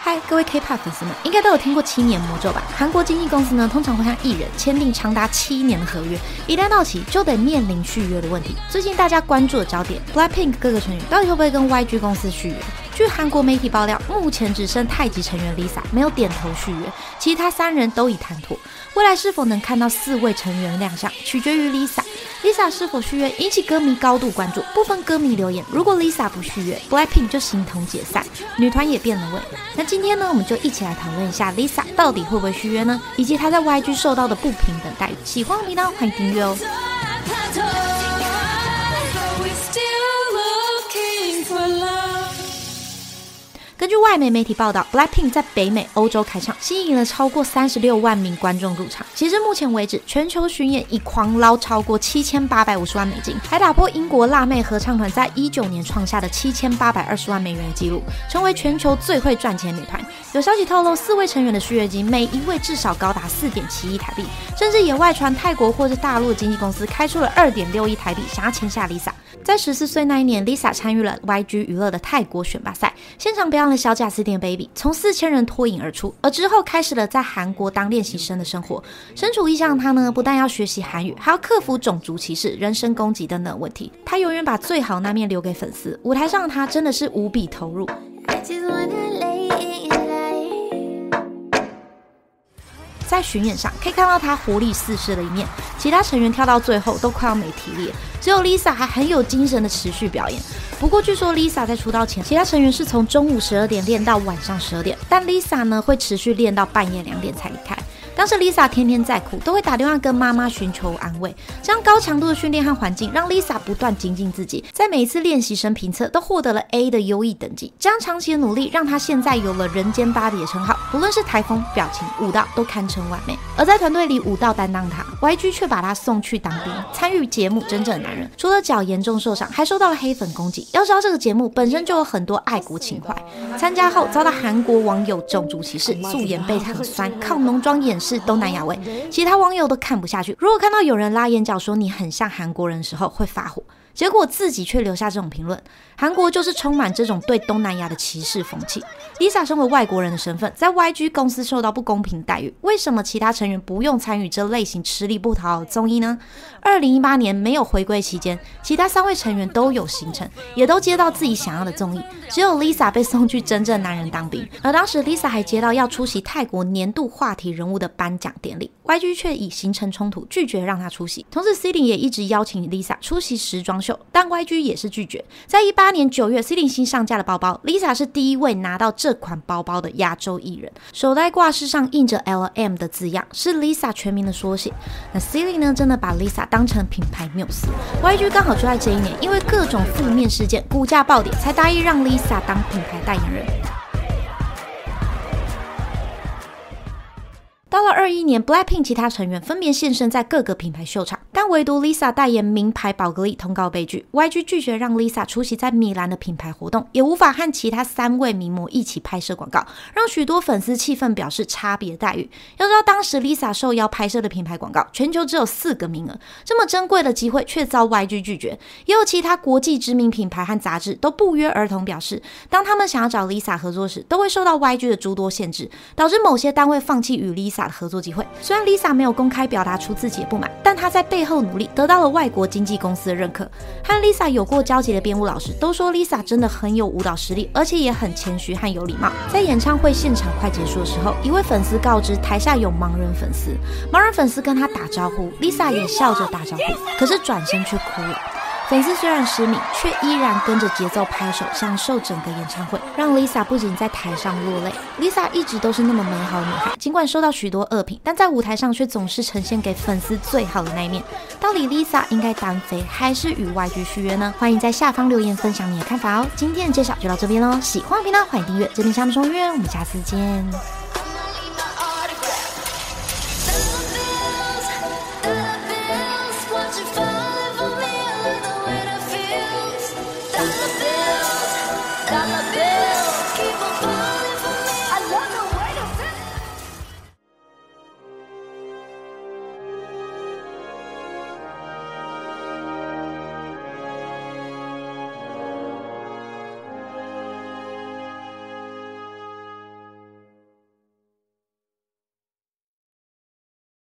嗨，各位 K-pop 粉絲們，應該都有聽過七年魔咒吧？韓國經紀公司呢，通常會向藝人簽訂長達七年的合約，一旦到期就得面臨續約的問題。最近大家關注的焦點，BLACKPINK 各個成員到底會不會跟 YG 公司續約？據韓國媒體爆料，目前只剩泰籍成員 Lisa 沒有點頭續約，其他三人都已談妥。未來是否能看到四位成員亮相，取決於 Lisa。 Lisa 是否續約引起歌迷高度關注。部分歌迷留言：如果 Lisa 不續約，Blackpink 就形同解散，女團也變了味。那今天呢，我們就一起來討論一下 Lisa 到底會不會續約呢？以及她在 YG 受到的不平等待遇。喜歡我的頻道，歡迎訂閱哦。外美媒，媒體報道，BLACKPINK 在北美、歐洲開唱，吸引了超過三十六萬名觀眾入場。截至目前為止，全球巡演，已狂撈超過七千八百五十萬美金，還打破英國辣妹合唱團在一九年創下的七千八百二十萬美元的紀錄，成為全球最會賺錢的女團。有消息透露，四位成員的續約金，每一位至少高達四點七億台幣，甚至也外傳泰國或是大陸的經紀公司開出了二點六億台幣，殺要下 l 薩在十四歲那一年，Lisa 參與了 YG 娛樂的泰國選拔賽，現場表演了小賈斯汀 Baby，從四千人脫穎而出，而之後開始了在韓國當練習生的生活。身處異鄉的她呢，不但要學習韓語，還要克服種族歧視、人身攻擊等等問題。她永遠把最好那面留給粉絲。舞台上的她真的是無比投入。在巡演上可以看到她活力四射的一面，其他成員跳到最後都快要沒體力。只有 Lisa 還很有精神的持續表演。不過，據說 Lisa 在出道前，其他成員是從中午十二點練到晚上十二點，但 Lisa 呢，會持續練到半夜兩點才離開。當時 Lisa 天天在哭，都會打電話跟媽媽尋求安慰。這樣高強度的訓練和環境，讓 Lisa 不斷精進自己，在每一次練習生評測都獲得了 A 的優異等級。這樣長期的努力，讓她現在有了“人間芭比”的稱號。不論是台風、表情、舞蹈都堪稱完美。而在團隊裡，舞蹈擔當她 YG 卻把她送去當兵，參與節目真正的男人，除了腳嚴重受傷，還受到了黑粉攻擊。要知道這個節目本身就有很多愛國情懷，參加後遭到韓國網友種族歧視，素顏被喊酸，靠濃妝掩。是東南亞味，其他網友都看不下去。如果看到有人拉眼角說你很像韓國人的時候會發火，結果自己卻留下這種評論。韓國就是充滿這種對東南亞的歧視風氣。Lisa 身為外國人的身份，在 YG 公司受到不公平待遇，為什麼其他成員不用參與這類型吃力不討好的綜藝呢？2018年沒有回歸期間，其他三位成員都有行程，也都接到自己想要的綜藝，只有 Lisa 被送去真正男人當兵。而當時 Lisa 還接到要出席泰國年度話題人物的。頒獎典禮，YG 卻以行程衝突，拒絕讓他出席。同時，Celine 也一直邀請 Lisa 出席時裝秀，但 YG 也是拒絕。在一八年九月，Celine 新上架的包包，Lisa 是第一位拿到這款包包的亞洲藝人。手袋掛飾上印着 LM 的字樣，是 Lisa 全名的縮寫。那 Celine 呢，真的把 Lisa 當成品牌繆斯。YG 剛好就在這一年，因為各種負面事件，股價暴跌，才答應讓 Lisa 當品牌代言人。到了二一年，Blackpink 其他成員分別現身在各個品牌秀場，但唯獨 Lisa 代言名牌寶格麗，通告被拒。YG 拒絕讓 Lisa 出席在米蘭的品牌活動，也無法和其他三位名模一起拍攝廣告，讓許多粉絲氣憤，表示差別待遇。要知道，當時 Lisa 受邀拍攝的品牌廣告，全球只有四個名額，這麼珍貴的機會卻遭 YG 拒絕。也有其他國際知名品牌和雜誌都不約而同表示，當他們想要找 Lisa 合作時，都會受到 YG 的諸多限制，導致某些單位放棄與 Lisa，合作機會，雖然 Lisa 沒有公開表達出自己的不滿，但她在背後努力，得到了外國經紀公司的認可。和 Lisa 有過交集的編舞老師都說，Lisa 真的很有舞蹈實力，而且也很謙虛和有禮貌。在演唱會現場快結束的時候，一位粉絲告知台下有盲人粉絲，盲人粉絲跟她打招呼，Lisa 也笑着打招呼，可是轉身卻哭了。粉絲雖然失明，卻依然跟着節奏拍手，享受整個演唱會，讓 Lisa 不僅在台上落淚。Lisa 一直都是那麼美好的女孩，儘管受到許多惡評，但在舞台上卻總是呈現給粉絲最好的那一面。到底 Lisa 應該單飛還是與 YG 續約呢？歡迎在下方留言分享你的看法哦！今天的介紹就到這邊嘍，喜歡的頻道歡迎訂閱，這邊項目送約，我們下次見。